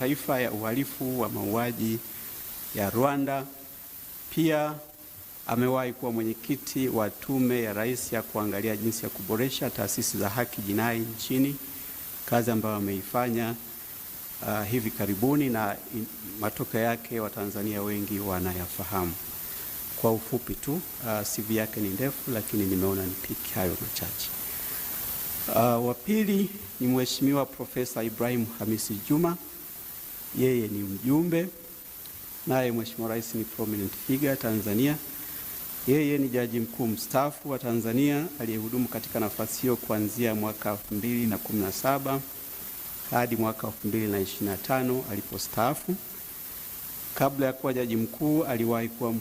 taifa ya uhalifu wa mauaji ya Rwanda. Pia amewahi kuwa mwenyekiti wa tume ya rais ya kuangalia jinsi ya kuboresha taasisi za haki jinai nchini, kazi ambayo ameifanya uh, hivi karibuni na matokeo yake Watanzania wengi wanayafahamu. Kwa ufupi tu uh, CV yake ni ndefu, lakini nimeona nipiki hayo machache. Uh, wa pili ni Mheshimiwa Profesa Ibrahim Hamisi Juma yeye ni mjumbe, naye Mheshimiwa Rais ni prominent figure Tanzania. Yeye ni jaji mkuu mstaafu wa Tanzania aliyehudumu katika nafasi hiyo kuanzia mwaka 2017 hadi mwaka 2025 alipostaafu. Kabla ya kuwa jaji mkuu aliwahi kuwa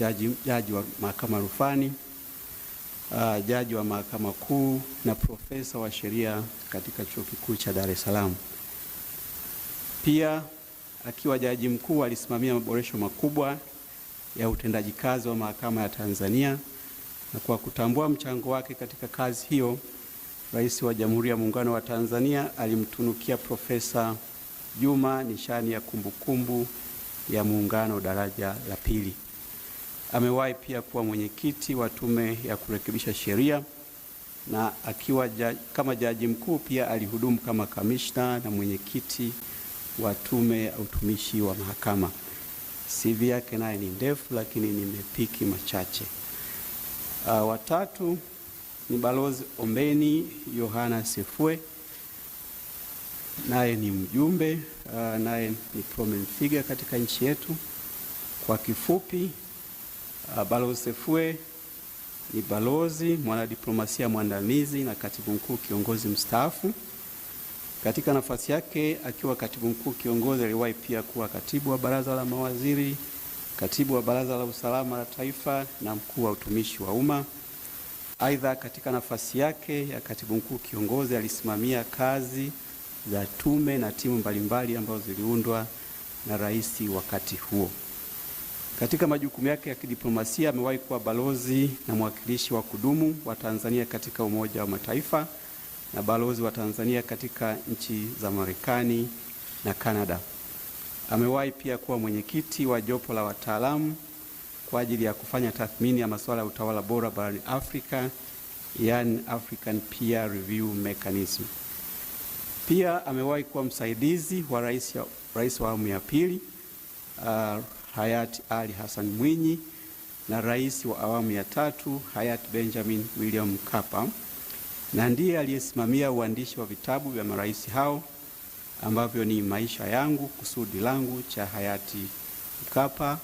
jaji, jaji wa mahakama rufani, uh, jaji wa mahakama kuu na profesa wa sheria katika chuo kikuu cha Dar es Salaam. Pia akiwa jaji mkuu alisimamia maboresho makubwa ya utendaji kazi wa mahakama ya Tanzania, na kwa kutambua mchango wake katika kazi hiyo, Rais wa Jamhuri ya Muungano wa Tanzania alimtunukia Profesa Juma nishani ya kumbukumbu -kumbu ya Muungano daraja la pili. Amewahi pia kuwa mwenyekiti wa Tume ya Kurekebisha Sheria na akiwa jaji, kama jaji mkuu pia alihudumu kama kamishna na mwenyekiti wa Tume ya Utumishi wa Mahakama. CV yake naye ni ndefu, lakini nimepiki machache. Uh, watatu ni Balozi Ombeni Yohana Sefue, naye ni mjumbe uh, naye ni prominent figure katika nchi yetu. Kwa kifupi, uh, Balozi Sefue ni balozi, mwanadiplomasia mwandamizi na katibu mkuu kiongozi mstaafu. Katika nafasi yake akiwa katibu mkuu kiongozi, aliwahi pia kuwa katibu wa baraza la mawaziri, katibu wa baraza la usalama la taifa na mkuu wa utumishi wa umma. Aidha, katika nafasi yake ya katibu mkuu kiongozi alisimamia kazi za tume na timu mbalimbali ambazo ziliundwa na rais wakati huo. Katika majukumu yake ya kidiplomasia amewahi kuwa balozi na mwakilishi wa kudumu wa Tanzania katika Umoja wa Mataifa na balozi wa Tanzania katika nchi za Marekani na Kanada. Amewahi pia kuwa mwenyekiti wa jopo la wataalamu kwa ajili ya kufanya tathmini ya masuala ya utawala bora barani Afrika, yani African Peer Review Mechanism. Pia amewahi kuwa msaidizi wa rais, ya, rais wa awamu ya pili uh, hayati Ali Hassan Mwinyi na rais wa awamu ya tatu hayati Benjamin William Mkapa na ndiye aliyesimamia uandishi wa vitabu vya marais hao ambavyo ni Maisha yangu, Kusudi langu cha hayati Mkapa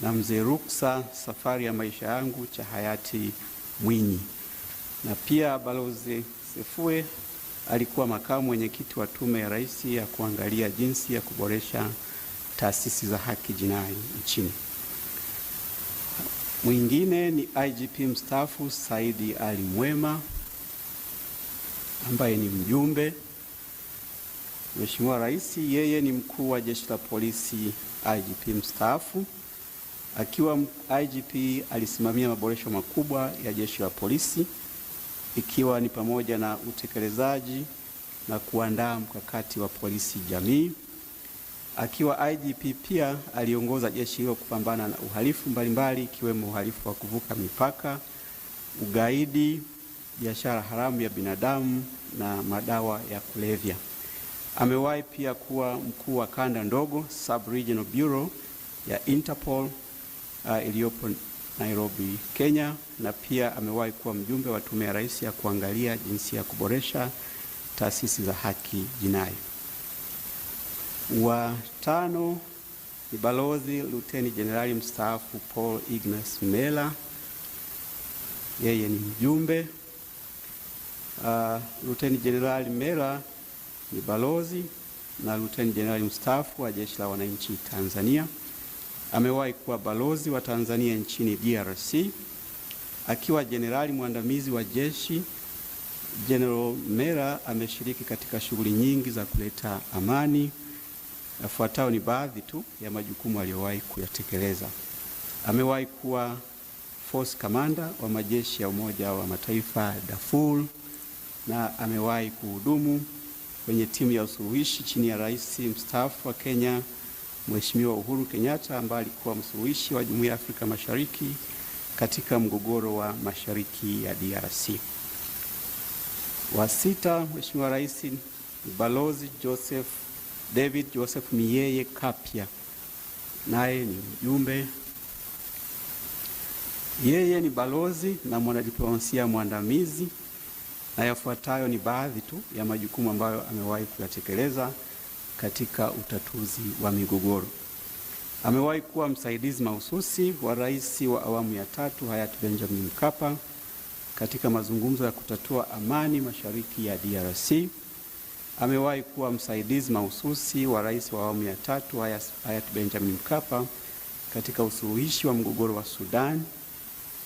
na Mzee Ruksa, Safari ya maisha yangu cha hayati Mwinyi. Na pia Balozi Sefue alikuwa makamu mwenyekiti wa Tume ya Rais ya kuangalia jinsi ya kuboresha taasisi za haki jinai nchini. Mwingine ni IGP mstaafu Saidi Ali Mwema ambaye ni mjumbe. Mheshimiwa Rais yeye ni mkuu wa jeshi la polisi IGP mstaafu. Akiwa IGP alisimamia maboresho makubwa ya jeshi la polisi ikiwa ni pamoja na utekelezaji na kuandaa mkakati wa polisi jamii. Akiwa IGP pia aliongoza jeshi hilo kupambana na uhalifu mbalimbali ikiwemo uhalifu wa kuvuka mipaka, ugaidi biashara haramu ya binadamu na madawa ya kulevya. Amewahi pia kuwa mkuu wa kanda ndogo Sub Regional Bureau ya Interpol uh, iliyopo Nairobi, Kenya na pia amewahi kuwa mjumbe wa tume ya rais ya kuangalia jinsi ya kuboresha taasisi za haki jinai. Wa tano ni Balozi Luteni Jenerali mstaafu Paul Ignace Mela, yeye ni mjumbe Uh, luteni Jenerali Mera ni balozi na luteni jenerali mstaafu wa Jeshi la Wananchi Tanzania. Amewahi kuwa balozi wa Tanzania nchini DRC. Akiwa jenerali mwandamizi wa jeshi, General Mera ameshiriki katika shughuli nyingi za kuleta amani. Yafuatayo ni baadhi tu ya majukumu aliyowahi kuyatekeleza. Amewahi kuwa force commander wa majeshi ya Umoja wa Mataifa Darfur na amewahi kuhudumu kwenye timu ya usuluhishi chini ya rais mstaafu wa Kenya Mheshimiwa Uhuru Kenyatta ambaye alikuwa msuluhishi wa Jumuiya ya Afrika Mashariki katika mgogoro wa mashariki ya DRC. Wa sita, Mheshimiwa Rais Balozi Joseph David Joseph Miyeye Kapya, naye ni mjumbe. Yeye ni balozi na mwanadiplomasia mwandamizi na yafuatayo ni baadhi tu ya majukumu ambayo amewahi kuyatekeleza katika utatuzi wa migogoro. Amewahi kuwa msaidizi mahususi wa rais wa awamu ya tatu hayati Benjamin Mkapa katika mazungumzo ya kutatua amani mashariki ya DRC. Amewahi kuwa msaidizi mahususi wa rais wa awamu ya tatu hayati Benjamin Mkapa katika usuluhishi wa mgogoro wa Sudan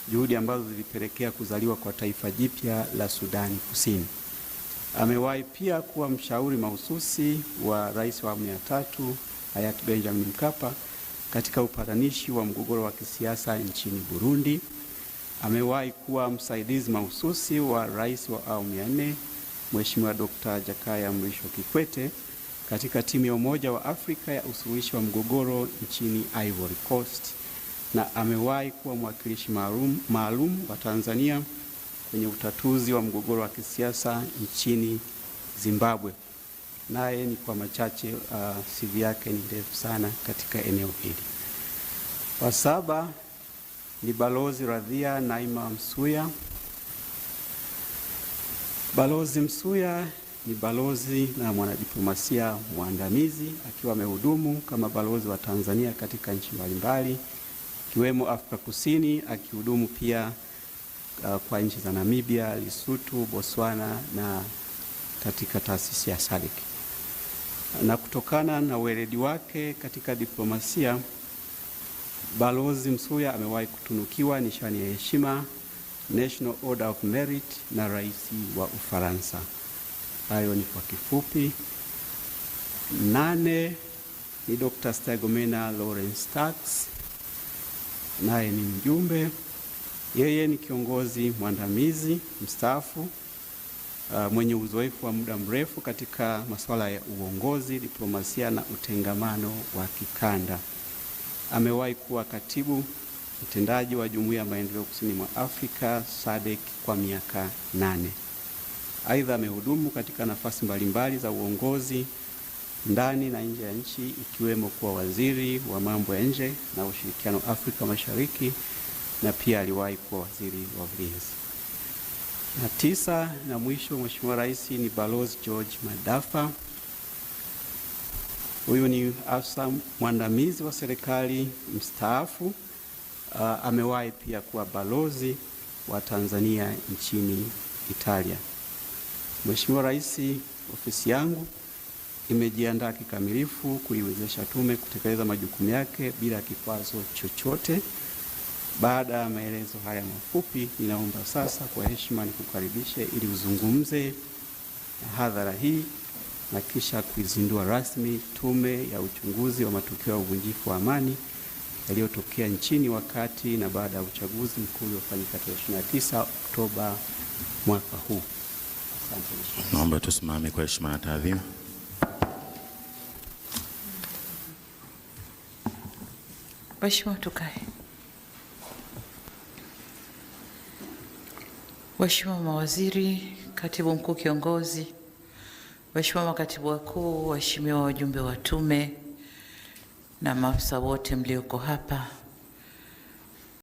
juhudi ambazo zilipelekea kuzaliwa kwa taifa jipya la Sudani Kusini. Amewahi pia kuwa mshauri mahususi wa rais wa awamu ya tatu hayati Benjamin Mkapa katika upatanishi wa mgogoro wa kisiasa nchini Burundi. Amewahi kuwa msaidizi mahususi wa rais wa awamu ya nne Mheshimiwa Dr. Jakaya Mrisho Kikwete katika timu ya Umoja wa Afrika ya usuluhishi wa mgogoro nchini Ivory Coast na amewahi kuwa mwakilishi maalum wa Tanzania kwenye utatuzi wa mgogoro wa kisiasa nchini Zimbabwe. Naye ni kwa machache, uh, CV yake ni ndefu sana katika eneo hili. Wa saba ni Balozi Radhia Naima Msuya. Balozi Msuya ni balozi na mwanadiplomasia mwandamizi akiwa amehudumu kama balozi wa Tanzania katika nchi mbalimbali ikiwemo Afrika Kusini, akihudumu pia uh, kwa nchi za Namibia, Lesotho, Botswana na katika taasisi ya SADC. Na kutokana na ueledi wake katika diplomasia, Balozi Msuya amewahi kutunukiwa nishani ya heshima National Order of Merit na rais wa Ufaransa. Hayo ni kwa kifupi. Nane ni Dr. Stergomena Lawrence Tax naye ni mjumbe. Yeye ni kiongozi mwandamizi mstaafu uh, mwenye uzoefu wa muda mrefu katika masuala ya uongozi, diplomasia na utengamano wa kikanda. Amewahi kuwa katibu mtendaji wa Jumuiya ya Maendeleo Kusini mwa Afrika SADC kwa miaka nane. Aidha, amehudumu katika nafasi mbalimbali za uongozi ndani na nje ya nchi ikiwemo kuwa waziri wa mambo ya nje na ushirikiano Afrika Mashariki na pia aliwahi kuwa waziri wa ulinzi. Na tisa na mwisho, Mheshimiwa Rais, ni Balozi George Madafa. Huyu ni afisa mwandamizi wa serikali mstaafu. Uh, amewahi pia kuwa balozi wa Tanzania nchini Italia. Mheshimiwa Rais, ofisi yangu imejiandaa kikamilifu kuiwezesha tume kutekeleza majukumu yake bila kikwazo chochote. Baada ya maelezo haya mafupi, ninaomba sasa kwa heshima nikukaribishe ili uzungumze na hadhara hii na kisha kuizindua rasmi Tume ya Uchunguzi wa Matukio ya Uvunjifu wa Amani yaliyotokea nchini wakati na baada ya uchaguzi mkuu uliofanyika tarehe 29 Oktoba mwaka huu. Asante. Naomba tusimame kwa heshima na taadhima. Waheshimiwa, tukae. Waheshimiwa mawaziri, katibu mkuu kiongozi, waheshimiwa makatibu wakuu, waheshimiwa wajumbe wa tume na maafisa wote mlioko hapa